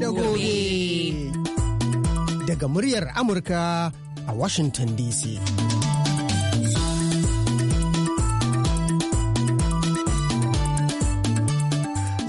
da gobe. Daga muryar Amurka a Washington DC.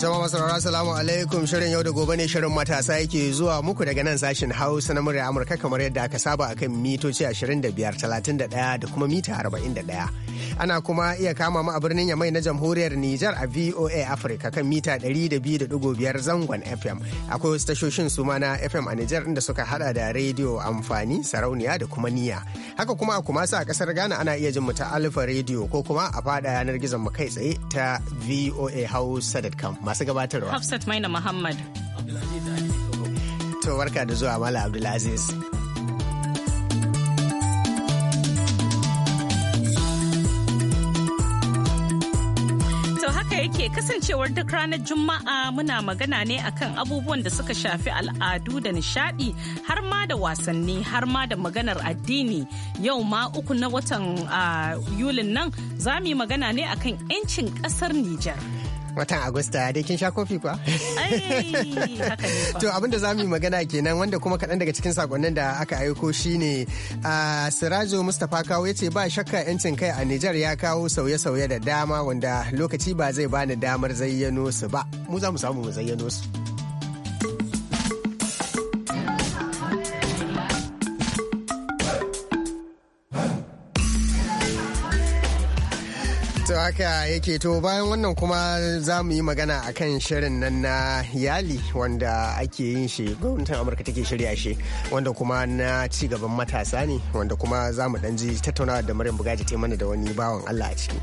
jama'a masarara salamu alaikum shirin yau da gobe ne shirin matasa yake zuwa muku daga nan sashin hausa na murya amurka kamar yadda aka saba akan mitoci 25 31 da kuma mita 41 ana kuma iya kama mu a birnin Yamai na jamhuriyar Nijar a VOA Africa kan mita 200.5 zangon FM. Akwai wasu tashoshin su ma na FM a Nijar inda suka hada da rediyo amfani, sarauniya da kuma niya. Haka kuma a kumasa a kasar Ghana ana iya jin mu ta Alfa rediyo ko kuma a fada yanar gizon mu kai tsaye ta VOA Hausa.com. Masu gabatarwa. Hafsat Maina Muhammad. To barka da zuwa Mala Abdulaziz. haka yake kasancewar duk ranar Juma'a muna magana ne akan abubuwan da suka shafi al'adu da nishadi har ma da wasanni har ma da maganar addini. Yau ma uku na watan ah, Yulin nan za mu yi magana ne akan 'yancin ƙasar Nijar. watan agusta dai kin sha kofi kuwa to abinda za mu yi magana kenan wanda kuma kaɗan daga cikin sakonnin da aka aiko shine a sirajo mustapha kawo ya ce ba shakka yancin kai a nijar ya kawo sauye-sauye da dama wanda lokaci ba zai bani damar zayyano su ba mu za mu samu mu zayyano su to haka yake to bayan wannan kuma za mu yi magana a kan shirin nan na yali wanda ake yin shi gwamnatin amurka take shirya shi wanda kuma na ci gaban matasa ne wanda kuma za mu ji tattaunawa da maryam bugaji ta mana da wani bawan allah a ciki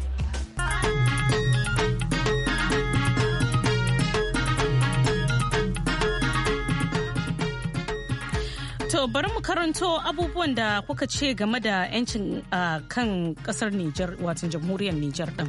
bari mu karanto abubuwan da kuka ce game da 'yancin ah, kan kasar Nijar, watan jamhuriyar Nijar ɗin.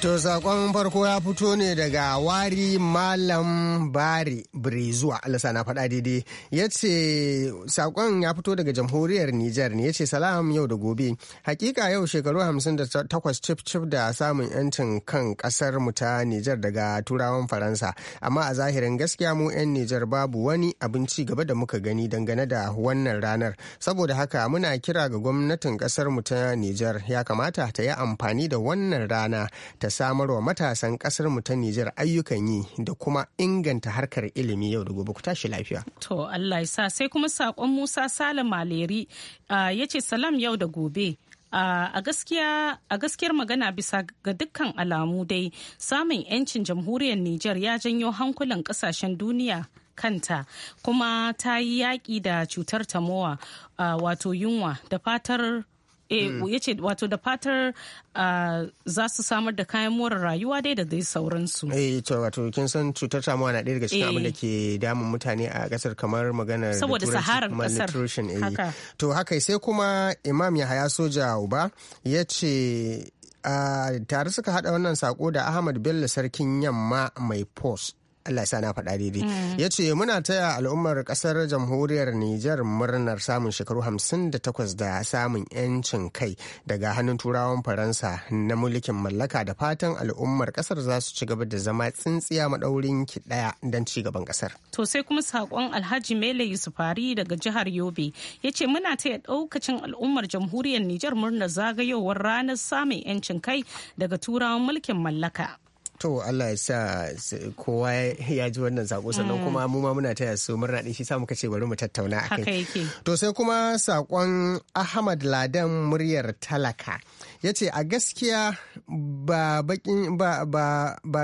To sakon farko ya fito ne daga wari malam bari brezuwa alisa na faɗa daidai ya ce sakon ya fito daga jamhuriyar Nijar ne ya ce salam yau da gobe hakika yau shekaru 58 cif cif da samun yancin kan kasar mu ta Nijar daga turawan Faransa amma a zahirin gaskiya mu 'yan Nijar babu wani abin gaba da muka gani dangane da wannan ranar saboda haka muna kira ga gwamnatin kasar mu ta Nijar ya kamata ta yi amfani da wannan rana samar wa matasan kasar mu ta Nijar ayyukan yi da kuma inganta harkar ilimi yau da gobe ku tashi lafiya. To Allah ya sai kuma sakon Musa Salim Maleri ya ce salam yau da gobe. a gaskiyar magana bisa ga dukkan alamu dai samun 'yancin jamhuriyar Nijar ya janyo hankulan kasashen duniya kanta kuma ta yi yaƙi da cutar tamowa uh, wato yunwa da fatar Eh, mm. ya ce wato da fatar ah, za su samar da kayan more rayuwa dai da dai sauransu eh to wato kin san cutar tamuwa na ɗaya daga cikin abin da eh. ke damun mutane a kasar kamar maganar saboda saharar kasar eh. to haka sai kuma imam yahaya soja uba ya ce Uh, tare suka hada wannan sako da ahmad bello sarkin yamma mai post Allah sa na faɗa daidai. Mm. Ya ce muna taya al'ummar ƙasar jamhuriyar Nijar murnar samun shekaru hamsin da takwas da samun 'yancin kai daga hannun turawan Faransa na mulkin mallaka da fatan al'ummar ƙasar za su ci gaba da zama tsintsiya maɗaurin ki ɗaya don ci gaban ƙasar. To sai kuma saƙon Alhaji Mele Yusufari daga jihar Yobe ya ce muna taya ɗaukacin al'ummar jamhuriyar Nijar murnar zagayowar ranar samun 'yancin kai daga turawan mulkin mallaka. to Allah ya sa kowa ya ji wannan sako sannan mm. kuma mu ma muna taya su murna din shi sa muka ce bari mu tattauna akai to sai kuma saƙon Ahmad Ladan muryar talaka ya ce a gaskiya ba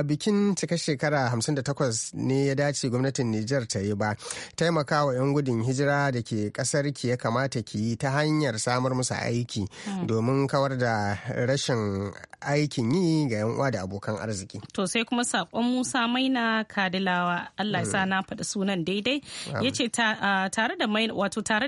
bikin cika shekara 58 ne ya dace gwamnatin Nijar ta yi ba taimakawa 'yan gudun hijira da ke kasar ki ya kamata ki yi ta hanyar samar musu aiki hmm. domin kawar da rashin aikin yi ga 'yan uwa da abokan arziki to sai kuma sakon Musa Maina Kadilawa Allah ya sa hmm. na sunan daidai ya ce tare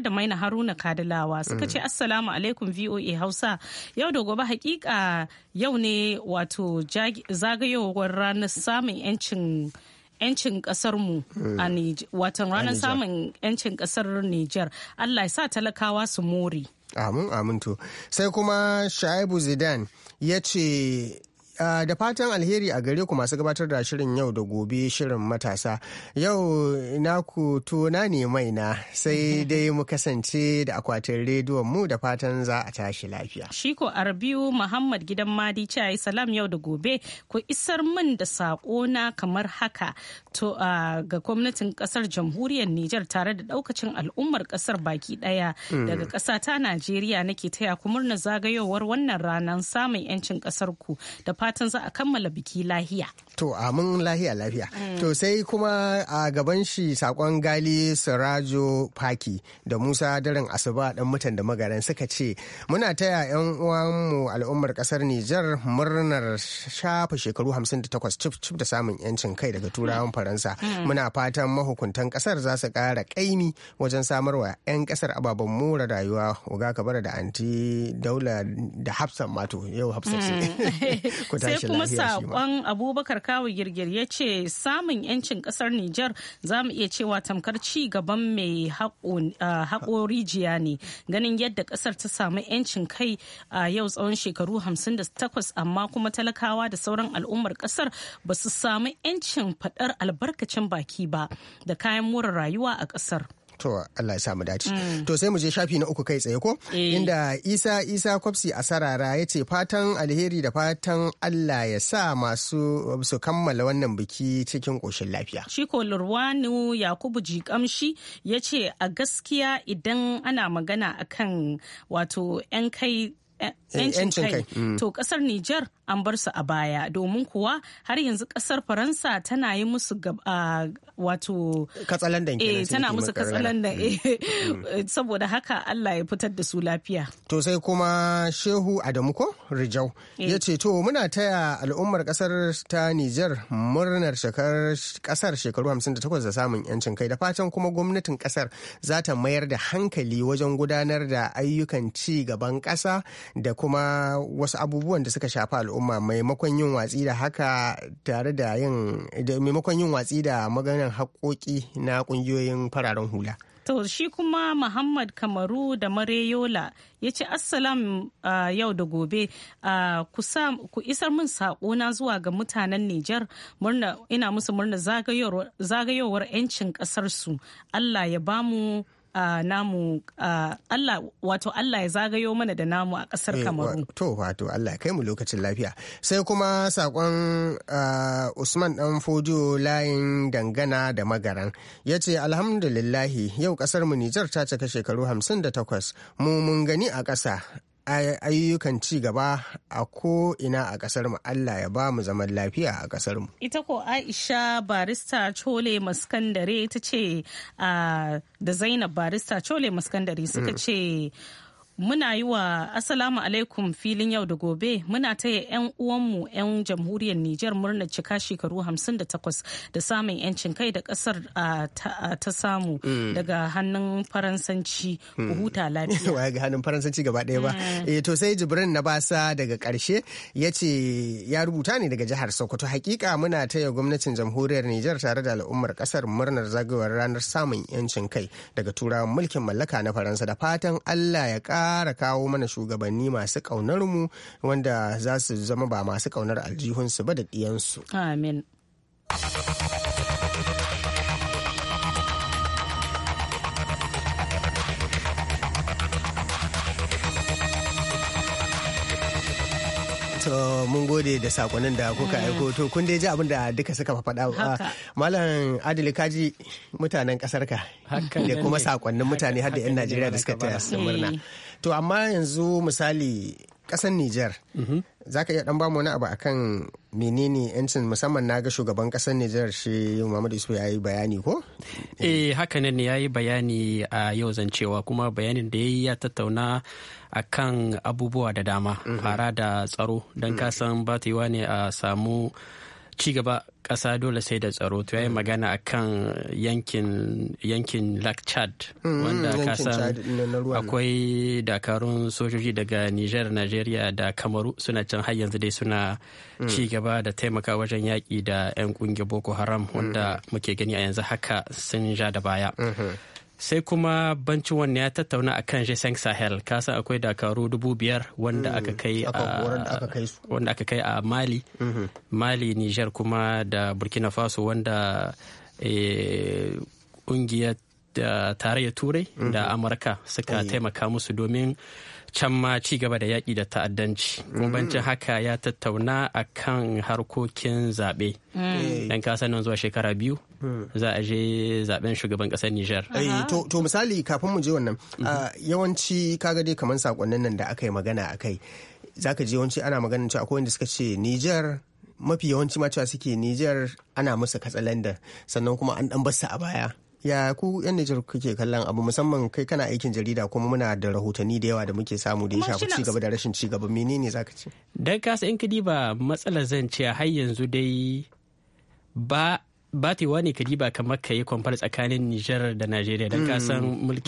da maina haruna kadilawa suka hmm. ce assalamu alaikum voa hausa yau da ba hakika yau ne wato zagayowar ranar samun 'yancin yancin kasarmu a eh, watan ranar samun yancin kasar Nijar Allah ya sa talakawa su more. Amin amin to. Sai kuma Shaibu Zidane ya ce Ah, da fatan alheri a gare ku masu gabatar da shirin yau da gobe shirin matasa yau na ku tona ne mai na sai dai mu kasance da akwatin rediyon mu da fatan za a tashi lafiya shiko arbiu muhammad gidan madi ce ayi salam yau da gobe ku isar min da sako na kamar haka to ah, ga gwamnatin kasar jamhuriyar niger tare da daukacin al'ummar kasar baki daya hmm. daga kasa ta najeriya nake taya ku murna zagayowar wannan ranar samun yancin kasar ku da fatan za a kammala biki lahiya. To amin lahiya lafiya. To sai kuma a gaban shi sakon gali Sirajo Faki da Musa daren Asuba ɗan mutan da magaran suka ce muna taya yan uwanmu al'ummar kasar Nijar murnar shafa shekaru 58 cif cif da samun yancin kai daga turawan Faransa. Muna fatan mahukuntan kasar za su kara kaimi wajen samarwa 'yan kasar ababen more rayuwa uga kabara da anti daula da hafsan mato yau Sai kuma saƙon Abubakar Kawu Girgir ya ce samun 'yancin kasar Nijar za mu iya cewa tamkar ci gaban mai haƙo rijiya ne ganin yadda kasar ta samu 'yancin kai a yau tsawon shekaru 58 amma kuma talakawa da sauran al'ummar kasar ba su samu 'yancin faɗar albarkacin baki ba da kayan more rayuwa a kasar. to Allah ya samu dace mm. to sai mu je shafi na uku kai tsaye ko eh. inda Isa Isa Kwafsi a sarara ya ce fatan alheri da fatan Allah ya sa masu su kammala wannan biki cikin koshin lafiya shi Lurwanu Yakubu Jikamshi ya ce a gaskiya idan ana magana akan wato 'yan kai Eh, yancin kai mm. to kasar Nijar an bar su a baya domin kuwa har yanzu kasar Faransa tana yi musu wato katsalandan eh tana musu katsalandan mm. eh mm. saboda haka Allah ya fitar da su lafiya to sai kuma Shehu Adamu ko Rijau eh. yace to muna taya al'ummar kasar ta Nijar murnar shekarar kasar shekaru 58 da samun yancin kai da fatan kuma gwamnatin kasar za ta mayar da hankali wajen gudanar da ayyukan ci gaban kasa da kuma wasu abubuwan da suka shafi al'umma maimakon yin watsi da haka tare da yin maimakon yin watsi da maganar haƙoƙi na ƙungiyoyin fararen hula. To shi kuma Muhammad Kamaru da Mareyola ya ce Assalam yau da gobe ku isar min saƙona zuwa ga mutanen Nijar ina musu murna zagayowar 'yancin ƙasarsu. Allah ya bamu Uh, namu Allah wato Allah ya zagayo mana da namu a kasar eh, Kamaru. To wato Allah ya kai mu lokacin lafiya. Sai kuma sakon uh, Usman dan Fodio layin dangana da magaran ya ce alhamdulillahi yau kasar mu Nijar ta cika shekaru 58 mu mun gani a ƙasa ayyukan ci gaba a ko ina a kasar mu Allah ya ba mu zaman lafiya a kasar mu ita ko Aisha barista Chole Maskandare ta ce ah, da Zainab barista Chole Maskandare suka mm. ce muna yi wa asalamu alaikum filin yau da gobe muna taya 'yan uwanmu 'yan jamhuriyar Nijar murnar cika shekaru 58 da samun 'yancin kai da kasar ta samu mm. daga hannun faransanci mm. huta lafiya. ga hannun faransanci gaba ɗaya ba. Mm. Eh, to sai Jibrin na basa daga ƙarshe ya ce ya rubuta ne daga jihar Sokoto hakika muna taya gwamnatin jamhuriyar Nijar tare da al'ummar kasar murnar zagayowar ranar samun 'yancin kai daga turawan mulkin mallaka na Faransa da fatan Allah ya ƙara kara kawo mana shugabanni masu kaunar mu wanda za su zama ba masu ƙaunar aljihunsu ba da ɗiyansu. Amin. mun gode da sakonin da kuka mm. aiko to kun dai ji abin da duka suka faɗa ah, malam adili kaji mutanen ƙasar ka da kuma sakonnin mutane har da yan najeriya da suka taya su murna eh. to amma yanzu misali ƙasar Nijar mhm. za ka iya dan bamu wani abu akan menene yancin musamman na ga shugaban kasar Nijar shi Muhammadu Isu ya yi bayani ko? Eh haka ne ya yi bayani a yau zancewa kuma bayanin da ya yi ya tattauna a kan abubuwa da dama mhm. fara da tsaro don kasan mhm. ba ta ne a samu ci gaba ƙasa dole sai da tsaro to yayi mm. magana akan yankin yankin Lake Chad mm, wanda ka san akwai dakarun sojoji daga Niger Nigeria da Kamaru suna can har yanzu dai suna mm. ci gaba da taimaka wajen yaki da 'yan ƙungiyar Boko Haram wanda muke gani a yanzu haka sun ja da baya. Mm-hmm. sai kuma bancin wannan ya tattauna a kan jesen sahel kasan akwai dakaru dubu biyar wanda aka mm, kai a mali mm-hmm. mali niger kuma da burkina faso wanda kungiyar eh, eh, tarayyar turai mm-hmm. da amurka suka taimaka musu domin can ma ci gaba da yaƙi da ta'addanci mm-hmm. bancin haka ya tattauna a kan harkokin zaɓe mm. dan kasan nan zuwa shekara biyu za a je zaben shugaban kasar Nijar. To misali kafin mu je wannan mhm. yawanci kaga dai kamar sakonnin nan da aka yi magana a kai Za ka je yawanci ana magana cewa akwai wanda suka ce Nijar mafi yawanci ma cewa suke Nijar ana musu katsalandar sannan kuma an dan basu a baya. ya ku yan Nijar kuke kallon abu musamman kai kana aikin jarida kuma muna da rahotanni da yawa da muke samu da ya shafi ci gaba da rashin ci gaba menene zaka ce dan kasa in ka diba, matsalar zan ce har yanzu dai ba Ba batewa ne kadi ba kamar ka yi kwamfar tsakanin Nijar da Najeriya don kasan mm.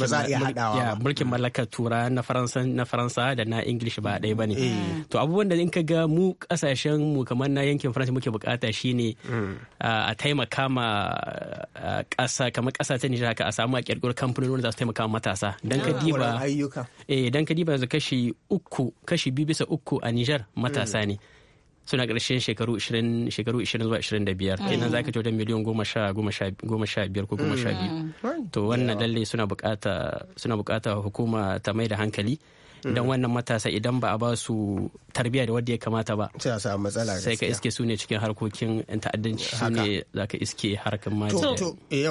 mulkin mm. mallakar tura na Faransa na Faransa da na English ba ɗaya bane. Mm. Eh. To abubuwan da in ka ga mu kasashen mu kamar na yankin Faransa muke bukata shine a taimaka ma ƙasa kamar ƙasa ta Nijar haka a samu a kirkiro kamfanoni da za su taimaka ma matasa. Don ka ah. diba eh ka diba yanzu kashi uku kashi biyu bisa uku a Nijar matasa ne. suna ƙarshen shekaru 20 shekaru 20 zuwa 25 kenan mm. zaka ce miliyan 10 15 ko 15 mm. to wannan dalle suna bukata suna bukata hukuma ta mai da hankali don mm. wannan matasa idan ba a ba su tarbiyya da wadda ya kamata ba sai ka iske su ne cikin harkokin ta'addanci su ne za ka iske harkar maji. Eh,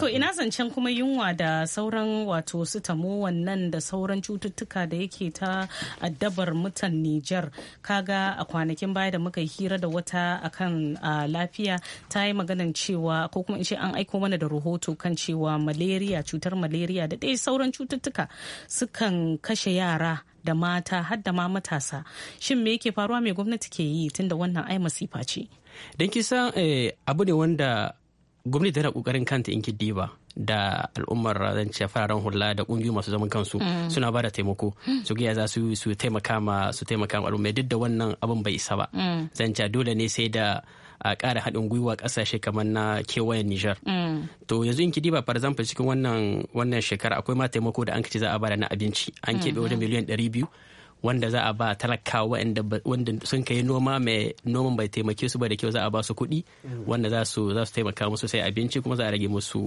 to ina zancen kuma yunwa da sauran wato su tamo wannan da sauran cututtuka da yake ta addabar mutan Nijar kaga a kwanakin baya da muka hira da wata akan lafiya ta yi maganan cewa ko kuma in ce an aiko mana da rahoto kan cewa malaria cutar malaria da dai sauran cututtuka sukan kashe yara yara da mata har da ma matasa shin me yake faruwa mai gwamnati ke yi tunda wannan ai masifa ce kisa kisan eh, abu ne wanda gwamnati tana kokarin kanta in diba da al'ummar zan ce fararen hula da kungiyoyi masu zaman kansu mm. suna ba da taimako mm. su ga za su su taimaka ma su taimaka ma al'umma duk da wannan abin bai isa ba mm. zan ce dole ne sai da a ƙara haɗin gwiwa ƙasashe kamar na kewayen Nijar. Mm. To yanzu in kidiba for example cikin wannan wannan shekara akwai ma taimako da an ce za a bada na abinci an mm, keɓe wajen mm. miliyan ɗari biyu wanda za a ba talakawa wanda sun kai noma mai noman bai taimake su ba da kyau za a ba su kuɗi wanda za su taimaka musu sai abinci kuma za a rage musu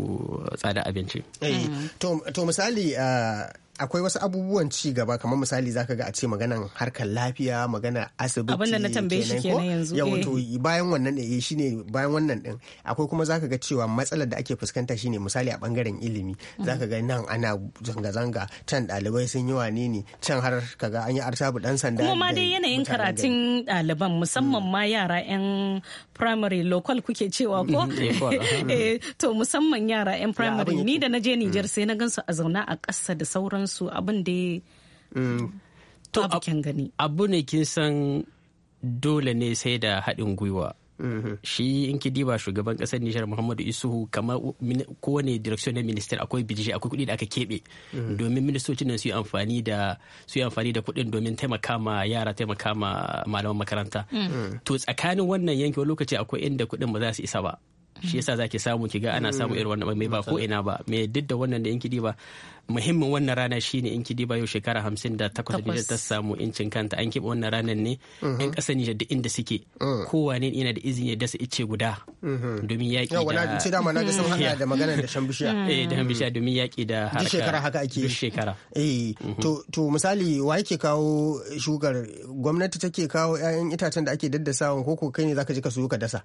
eh, tsada abinci. Eh, to misali ah, akwai wasu abubuwan ci gaba kamar misali zaka ga a ce maganan harkar lafiya maganar asibiti abin da na tambaye shi kenan yanzu ya wato eh. bayan wannan ne eh, shine bayan wannan din akwai kuma zaka ga cewa matsalar da ake fuskanta shine misali a bangaren ilimi zaka ga nan ana zanga zanga can dalibai sun yi wane ne can har kaga an yi arsabu dan sanda kuma ma dai yanayin karatun ɗaliban musamman ma yara yan primary local kuke cewa ko mm, eh, to musamman yara yan primary ni da na je mm. Nijar sai na gansu a zauna a ƙasa da sauran su abin da ya mm. bikin gani abu ne kin san dole ne sai da haɗin gwiwa mhm. shi in ki diba shugaban ƙasar Nijar Muhammadu Isuhu kamar kowane direction na minister akwai bijiji akwai kuɗi da aka keɓe mhm. domin ministocin nan su yi amfani da su yi amfani da kuɗin domin taimaka ma yara taimaka ma malaman makaranta mhm. to tsakanin wannan yanki wani lokaci akwai inda kuɗin ba za su isa ba shi yasa zaki samu kiga ana hmm. samu irin wannan mai ba ko ina ba me duk da wannan da in kidi ba muhimmin wannan rana shine in kidi ba yau shekara 58 da Nijar ta samu incin kanta an kiba wannan ranar ne yan hmm. kasa Nijar da inda suke hmm. Kowa ne ina da izini ya dasa ice guda domin yaki da wala ce dama na ga sun hada da magana da shan bishiya eh da bishiya domin yaki da harka shekara haka ake shekara eh to to misali wa yake kawo shugar gwamnati take kawo ƴaƴan itacen da ake daddasawa ko ko kai ne zaka je ka suyo ka dasa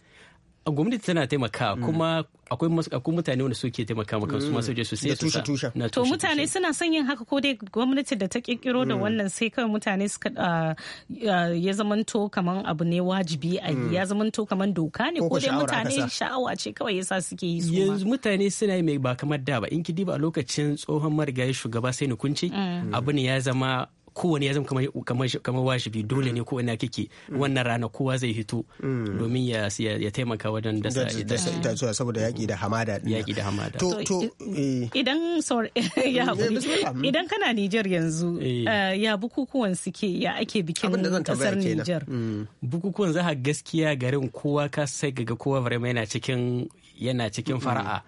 gwamnati tana taimaka mm. kuma akwai akwai mutane wanda suke taimaka maka su masu mm. su sai su na to mutane suna son yin haka ko dai gwamnati da ta kirkiro da mm. wannan sai kawai mutane suka ah, ah, ya zamanto kaman abu ne wajibi a ya zamanto kaman doka ne ko dai mutane sha'awa ce kawai yasa suke yi su yanzu mutane suna yi mai ba kamar da ba in ki diba a lokacin tsohon marigayi shugaba sai ni kunci abu ne ya zama kowane ya zama kamar wajibi dole ne kowane ke wannan rana kowa zai hito mm. domin ya taimaka wajen dasa itatuwa saboda yaƙi da hamada yaƙi da hamada to to eh. idan eh, mm. idan kana Nijar yanzu eh. ya bukukuwan suke ya ake bikin kasar Nijar mm. bukukuwan za gaskiya garin kowa ka sai ga kowa vraiment yana cikin yana cikin fara'a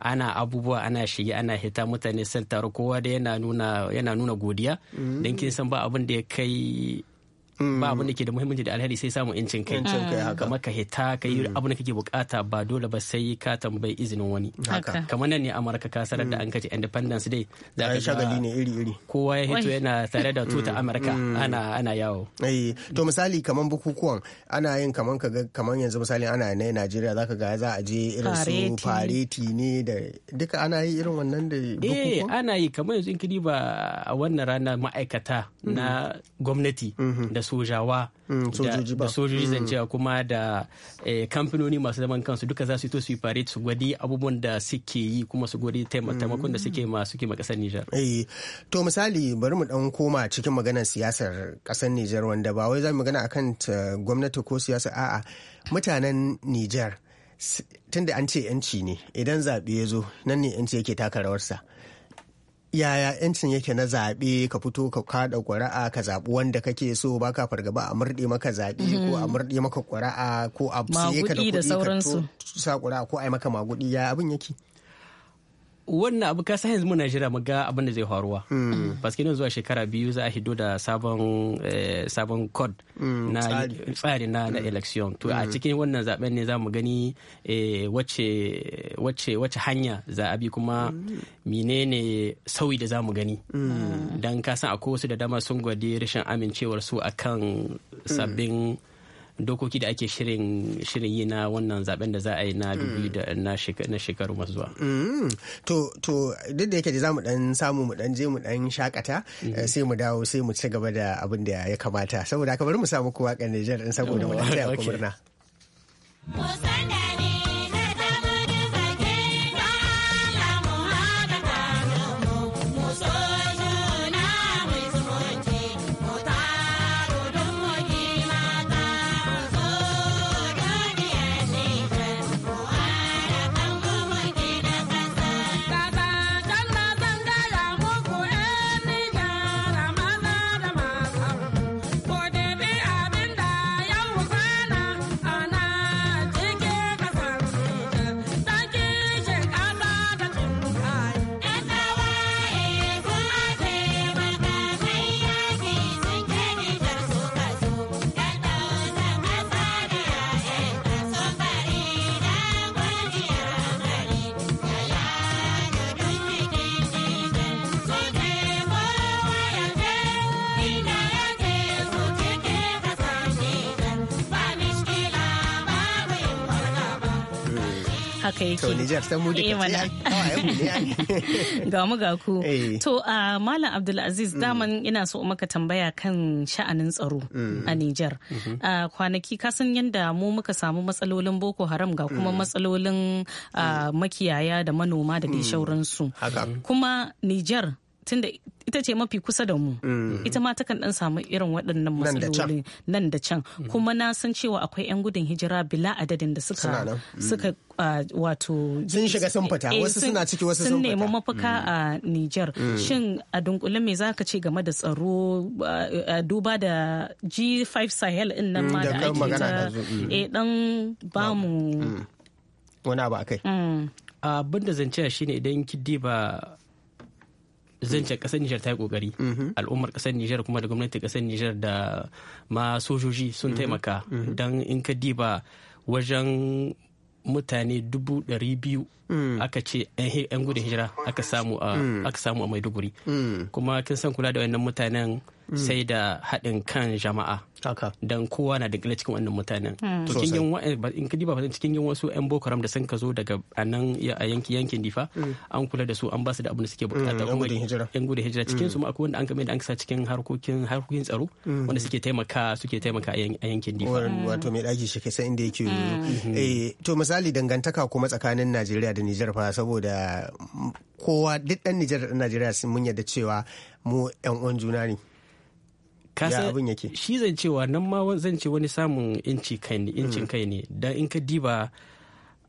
ana abubuwa ana shige ana hita mutane sun taro kowa da yana nuna yana nuna godiya dan ya san ba abin da ya kai ba mm. abin da ke da muhimmanci da alheri sai samun incin kai incin kai haka kamar ka hita kai mm. abin da kake bukata ba dole ba sai ka tambayi izinin wani kamar nan ne amurka ka sanar da mm. an kace independence day za ka shagali ne iri iri kowa ya hito yana tare da tuta amurka ana ana yawo eh to misali kamar bukukuwan ana yin kamar ga kamar yanzu misali ana ne Najeriya zaka ga za a je irin su pareti ne da duka ana yi irin wannan da bukukuwa eh ana yi kamar yanzu in kidi ba a wannan rana ma'aikata na gwamnati mm-hmm. da sojawa mm, da sojoji zancewa mm. kuma da eh, kamfanoni masu zaman kansu duka za su yi to su yi fare su gwadi abubuwan da suke yi kuma su gwadi mm. taimakon da suke masu suke ma kasar Nijar. Eh, to misali bari mu dan koma cikin maganar siyasar kasar Nijar wanda ba wai za mu magana akan gwamnati ko siyasa a'a mutanen Nijar tunda an ce yanci ne idan zaɓe ya zo nan ne yanci yake taka rawarsa. yaya yancin yake na zaɓe ka fito ka kada ƙuri'a ka zaɓi wanda kake so baka fargaba a murɗe maka zaɓe ko a mm. murɗe maka ƙuri'a ko a sai ka da kuɗi ka sa ƙuri'a ko a yi maka magudi ya abin yake wannan abu kasa yanzu muna jira mu ga abin da zai faruwa hmm. paske nan zuwa shekara biyu za a hido da sabon kod eh, hmm, na tsari na na hmm. election to a cikin wannan zaben ne za mu gani eh, wacce hanya za a bi kuma menene sauyi da za mu gani dan kasan san akwai wasu da dama sun gwade rashin amincewar su akan sabbin dokoki da ake shirin shirin yi na wannan zaben da za a yi na mm. dubu da na shekaru masu zuwa. Mm. To to duk da yake da za mu dan samu mu dan je mu dan shakata mm-hmm. eh, sai mu dawo sai mu ci gaba da abin da ya kamata saboda haka bari mu samu kowa kan nijar in saboda mu dan ku murna. haka yake to Nijar san mu duka eh, ga mu ga ku eh. to uh, malam Abdulaziz mm. daman ina so maka tambaya kan sha'anin tsaro mm. a a mm-hmm. uh, kwanaki ka san yadda mu muka samu matsalolin Boko Haram ga kuma mm. matsalolin uh, makiyaya da manoma da dai shauransu kuma nijar. tunda ita ce mafi kusa da mu mm. ita ma takan dan samu irin waɗannan matsaloli nan da can mm. kuma na san cewa akwai 'yan gudun hijira bila adadin da suka mm. suka wato sun shiga sun fita eh, wasu suna ciki wasu sun nemi mafaka a Niger shin a dunkule me zaka ce game da tsaro duba da G5 Sahel din nan ma da ake ta eh dan bamu wani abu akai abin da zan ce shine idan kiddi ba zance kasar Nijar ta yi kokari mhm. al'ummar kasar Nijar kuma da gwamnatin kasar Nijar da ma sojoji sun mhm. taimaka mhm. don in ka diba wajen mutane dubu dari biyu Mm. aka ce eh, yan gudun hijira aka samu a mm. maiduguri mm. kuma kin san kula da wannan mutanen sai da haɗin kan jama'a don kowa na da cikin wannan mutanen to kin in ba diba cikin yin wasu yan boko da sun ka zo daga anan a yankin yankin difa an kula da su an ba su da abin da suke bukata kuma yan gudun hijira cikin su ma akwai wanda an kame da an sa cikin harkokin harkokin tsaro wanda suke taimaka suke taimaka a yankin difa wato mai daki shi kai sai inda yake mm-hmm. eh, to misali dangantaka kuma tsakanin Najeriya da Nijar fa saboda kowa duk dan Nijar da Najeriya sun mun yarda cewa mu 'yan uwan juna ne. Kasa abin Shi zan cewa nan ma zan ce wani samun inci kai ne, incin mm. kai ne. Dan in ka diba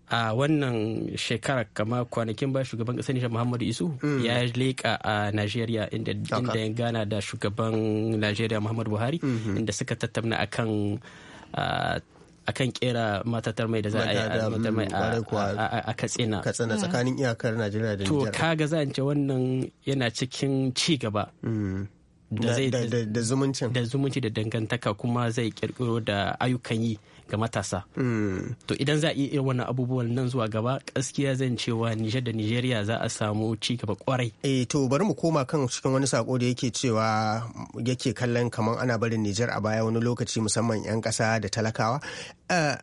a wannan shekara kama kwanakin ba shugaban kasar Nijar Muhammadu Isu mm. ya leka a Najeriya inda ya gana da shugaban Najeriya Muhammadu Buhari mm-hmm. inda suka tattauna akan A kan kera matatar mai da za a yi mm, mai a katsina katsina mm. tsakanin iyakar najeriya da nijar to ga za ce wannan yana cikin ci gaba mm. da zumunci da dangantaka kuma zai kirkiro da ayyukan yi ga matasa mm. to idan za a iya wannan abubuwan nan zuwa gaba gaskiya zan cewa nijar da nijeriya za a samu ci gaba kwarai eh to bari mu koma kan cikin wani sako da yake cewa yake kallon kamar ana barin nijar a baya wani lokaci musamman yan kasa da talakawa eh,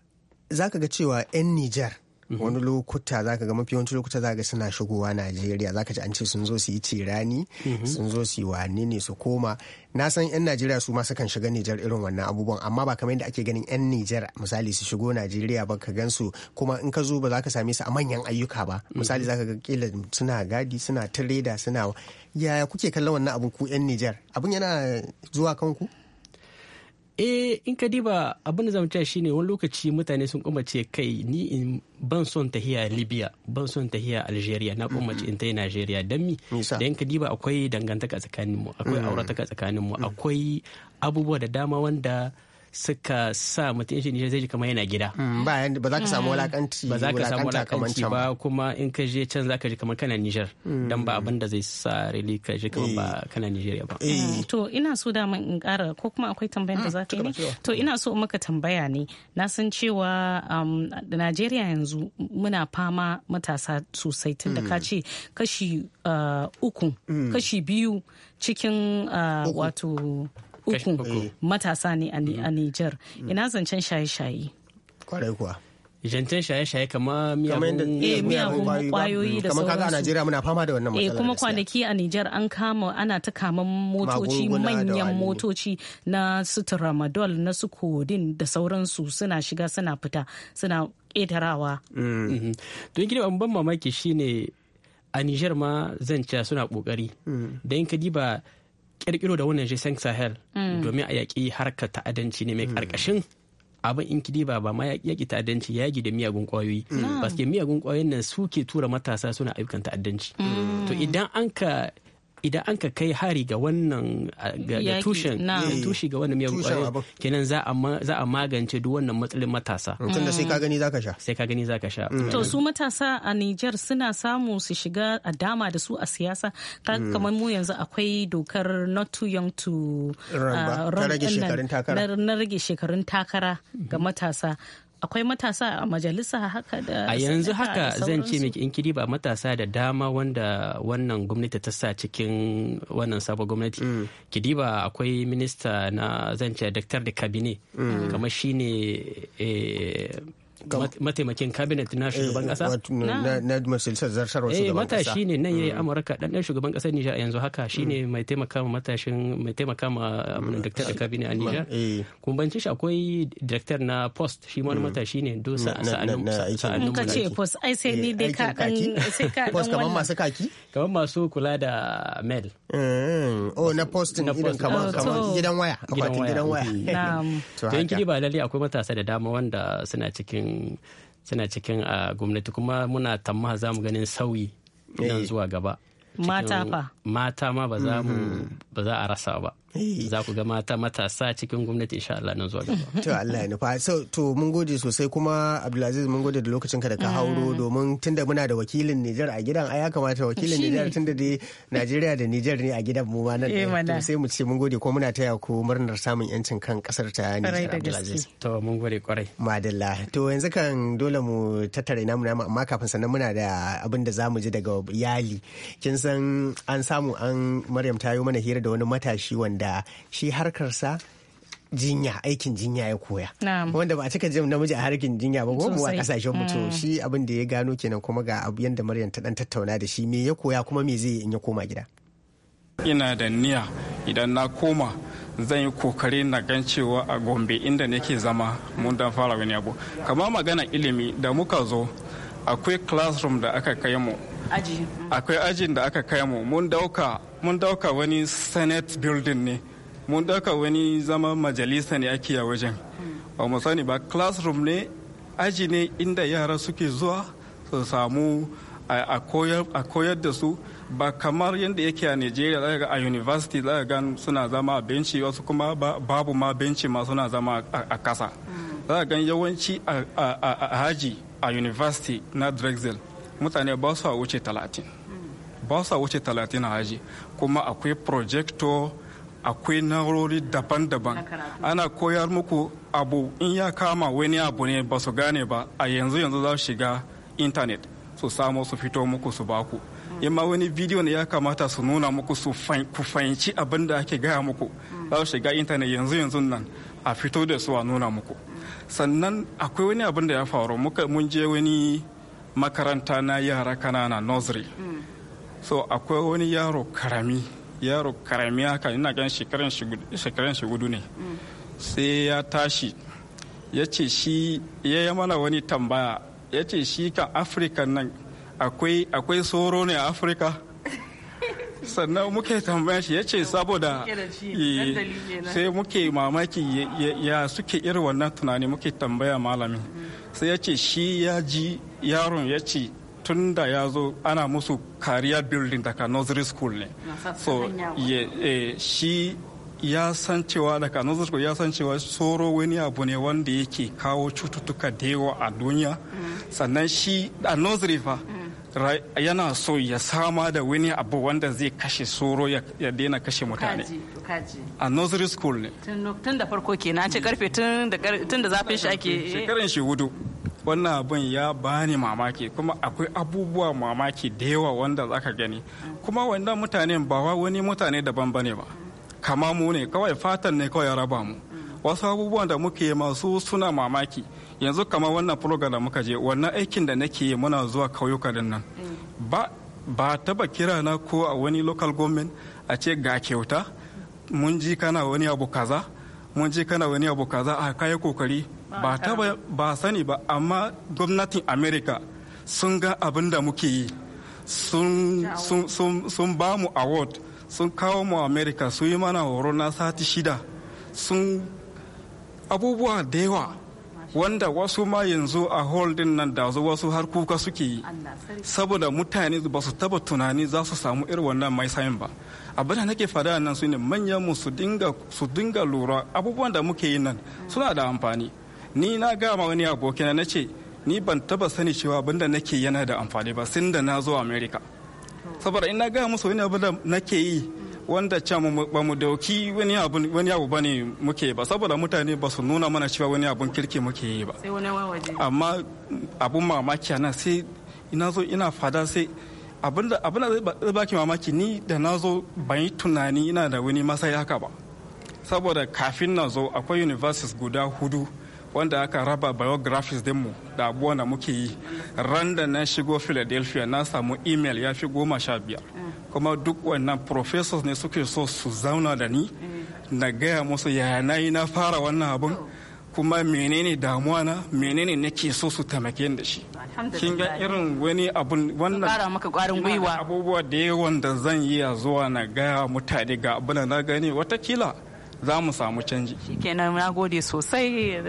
zaka ga cewa yan nijar Mhm. wani lokuta zaka ga mafi wani lokuta zaka ga suna shigowa Najeriya zaka ji an ce sun zo su yi cirani mhm. sun zo su yi wani ne su koma na san yan Najeriya su ma sukan shiga Nijar irin wannan abubuwan amma ba kamar yadda ake ganin yan Nijar misali su shigo Najeriya ba ka gansu kuma in ka zo ba zaka same su a manyan ayyuka ba mhm. misali zaka ga kila suna gadi suna tireda suna yaya kuke kallon wannan abu ku yan Nijar abun yana zuwa kanku e in ka diba abin da zamu cewa ne wani lokaci mutane sun kumace kai ni in ban son tahiya libya ban son tahiya algeria na kumace mm-hmm. in tai nigeria don mi da in ka diba akwai dangantaka tsakanin akwai mm. aurataka tsakanin mu akwai abubuwa da dama wanda suka sa mutum shi ne zai ji kamar yana gida mm, ba za ka samu mm. wulakanci ba za ka samu wulakanci ba kuma in ka je can za ka ji kamar kana Nijar mm. dan ba abin da zai sa rili ka ji kamar ba eh. kana Nijeriya ba eh. Eh, to ina so da in kara ko kuma akwai tambayar da za ka yi to ina so maka tambaya ne na san cewa um, da Najeriya yanzu muna fama matasa sosai tun da ka ce kashi uh, uku kashi biyu cikin uh, wato uku eh. matasa ne a Nijar mm. mm. ina zancen shaye-shaye. Kwarai kuwa. jantan shaye-shaye kama miyagun eh, kwayoyi mm. da sauransu. kaga a Najeriya muna fama da wannan eh, matsalar. kuma kwanaki a Nijar an kama ana ta kaman motoci manyan motoci na su tramadol na su kodin da sauransu suna shiga suna fita suna ƙetarawa. Don mm-hmm. gina ban mamaki shine a Nijar ma zan suna ƙoƙari. Da in ka diba kirkiro da wannan jason sahel domin a yaƙi harkar ta'addanci ne mai karkashin abin in kidi ba ba ma yaƙi ta'addanci yaƙi da miyagun ƙwayoyi mm. paske miyagun ƙwayoyin nan su ke tura matasa suna ayyukan ta'addanci mm. to idan an ka idan an ka kai hari ga wannan ga tushen eh, tushi ga wannan miyagun kenan za a magance duk wannan matsalin matasa mm. tunda sai ka gani zaka sha sai ka gani zaka sha mm. to su matasa a Nijar suna samu su shiga a dama da su a siyasa mm. kamar mu yanzu akwai dokar not too young to ah, rage shekarun takara ga mm-hmm. matasa akwai matasa a majalisa haka da a yanzu haka zan ce miki in kiri ba matasa da dama wanda wannan gwamnati ta sa cikin wannan sabon gwamnati kidi mm. kidiba akwai minista na zan daktar da kabine mm. kamar shine eh, mataimakin cabinet na shugaban eh, kasa na majalisar zartarwar eh, shugaban kasa matashi ne nan yayi mm. amurka dan dan shugaban kasa nijar yanzu haka shine mm. mai taimaka ma matashin mai taimaka ma abin daktar da cabinet mm. a nijar eh. kun bancin shi akwai daktar na post shi ma matashi ne dosa sa'anin sa'anin ka ce post ai sai ni dai ka dan sai ka dan post kaman masu kaki kaman masu kula da mail oh na post din idan kamar oh, kamar gidan waya akwatin gidan waya to yanki ba lalle akwai matasa da dama wanda suna cikin suna cikin a ah, gwamnati kuma muna tamma za mu ganin sauyi idan eh. zuwa gaba mata mata ma mm. ba za a rasa ba za ku ga mata matasa cikin gwamnati insha Allah nan zuwa gaba to Allah ya nufa so to mun gode sosai kuma Abdulaziz mun gode da lokacin ka da ka hauro mm. domin tunda muna da wakilin Nijar a gidan ai ya kamata wakilin Nijar tunda dai Najeriya da Nijar ne a gidan mu ma nan eh, to sai mu ce mun gode ko muna taya ku murnar samun yancin kan kasar ta Nijar Abdulaziz to mun gode kwarai madalla to yanzu kan dole mu tattare namu namu amma kafin sannan muna da abin da zamu ji daga iyali kin san an samu an Maryam ta yi mana hira da wani matashi wanda da shi harkarsa jinya aikin jinya ya koya wanda ba a cika jin namiji a harkin jinya ba ko a kasashen mu mm. shi abin da ya gano kenan kuma ga abu yanda Maryam ta dan tattauna da shi me ya koya kuma me zai in ya koma gida ina da niyya idan na koma zan yi kokari na gan cewa a gombe inda nake zama mun dan fara wani abu kama magana ilimi da muka zo akwai classroom da aka kai mu akwai ajin da aka kai mu mun dauka mun dauka wani senate building ne mun dauka wani zama majalisa ne ake a wajen ba mu sani ba classroom ne aji ne inda yara suke zuwa su samu a koyar da su ba kamar yadda yake a nigeria za ga a university za ga suna zama a benci wasu kuma babu ma benci ma suna zama a kasa za gan yawanci a haji a university na drexel mutane ba su a wuce talatin ba sa wuce talatin a aji kuma akwai projecto akwai na'urori daban-daban ana koyar muku abu in ya kama wani abu ne ba su gane ba a yanzu yanzu za su shiga intanet su samo su fito muku su baku hmm. in ma wani bidiyo ne ya kamata su nuna muku su fahimci abin da ake gaya muku hmm. za su shiga intanet yanzu yanzu nan a fito da su a nuna muku sannan akwai wani abin da ya faru mun je wani makaranta na yara kanana nursery hmm. so akwai wani yaro karami yaro karami haka ina gan shekaran shi gudu ne sai ya tashi ya ce shi ya yi mana wani tambaya ya ce shi kan afirka nan akwai soro ne a afirka sannan muke tambaya shi ya ce saboda eh, sai muke mamaki ya suke irin wannan tunani muke tambaya malami sai ya ce shi ya ji yaron ya ce tun da ya zo ana musu career building daga nursery school ne so e, shi ya san cewa daga nursery school ya san cewa tsoro wani abu ne wanda yake kawo cututtuka da yawa a duniya mm. sannan shi a nursery fa mm. yana so ya sama da wani abu wanda zai kashe soro ya daina kashe mutane a nursery school ne tun da farko kenan ce karfe tun da zafin shi ake shekaran shi eh. hudu wannan abin ya bani mamaki kuma akwai abubuwa mamaki da yawa wanda zaka gani kuma wannan mutanen ba wani mutane daban bane ba kama mu ne kawai fatan ne kawai ya raba mu wasu abubuwan da muke masu suna mamaki yanzu kama wannan program da muka je wannan aikin da nake yi muna zuwa kauyuka din nan ba ba taba kira na ko a wani local government a ce ga kyauta mun ji kana wani abu kaza mun ji kana wani abu kaza a kayi kokari ba ta ba sani ba amma gwamnatin america sun ga abin da muke yi sun ba mu award sun kawo mu america su yi mana horo na sati shida sun abubuwa da yawa wanda wasu ma yanzu a holding nan da wasu har kuka suke yi saboda mutane ba su taba tunani za su samu irin wannan mai sayin ba abin da nake fada nan su ne manyan mu su dinga lura abubuwan da muke yi nan mm. suna da amfani ni na gama wani abokina na ce ni ban taba sani cewa abinda nake yana da amfani ba sun da na zo america saboda ina na gaya musu wani abu da nake yi wanda can ba mu dauki wani abu ba ne muke ba saboda mutane ba su nuna mana cewa wani abun kirki muke yi ba amma abun mamaki ana sai ina zo ina fada sai abin da zai baki mamaki ni da na zo ban yi tunani ina da wani masai haka ba saboda kafin na zo akwai universities guda hudu wanda aka raba biographies dinmu da abuwa na muke yi ran da na shigo philadelphia na samu email ya fi goma sha biyar mm. kuma duk wannan professors ne suke so su zauna da ni mm. na gaya musu yaya na yi na fara wannan abin kuma menene damuwa na menene nake so su taimake da shi kin ga irin wani abun wannan fara maka kwarin gwiwa abubuwa da yawan da zan yi a zuwa na gaya mutane ga abin na gani watakila za mu samu canji shikenan na gode sosai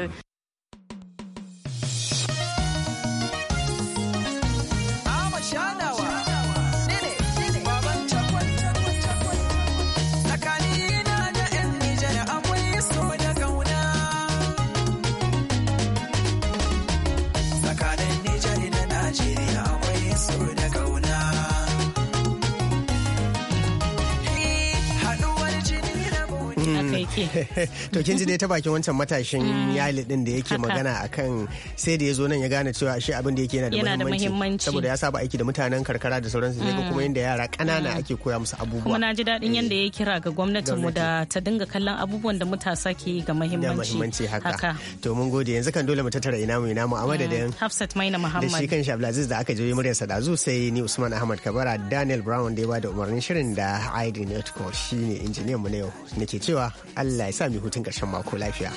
to kin ji dai ta bakin wancan matashin mm. yali din da yake magana akan sai da ya zo nan ya gane cewa shi abin da yake yana da muhimmanci saboda ya saba aiki da mutanen karkara da sauransu sai kuma mm. yanda yara kanana mm. ake koya musu abubuwa kuma na ji daɗin yanda eh. ya kira ga gwamnatin mu da ta dinga kallon abubuwan da matasa ke ga muhimmanci haka to mun gode yanzu kan dole mu tattara ina mu ina mu a madadin Hafsat Maina Muhammad da shi kan Abdulaziz da aka je muryar sadazu sai ni Usman Ahmad Kabara Daniel Brown da ya bada umarnin shirin da Aidin Netco shine injiniyan mu na yau nake cewa Allah Allah ya sa mu hutun ƙarshen mako lafiya.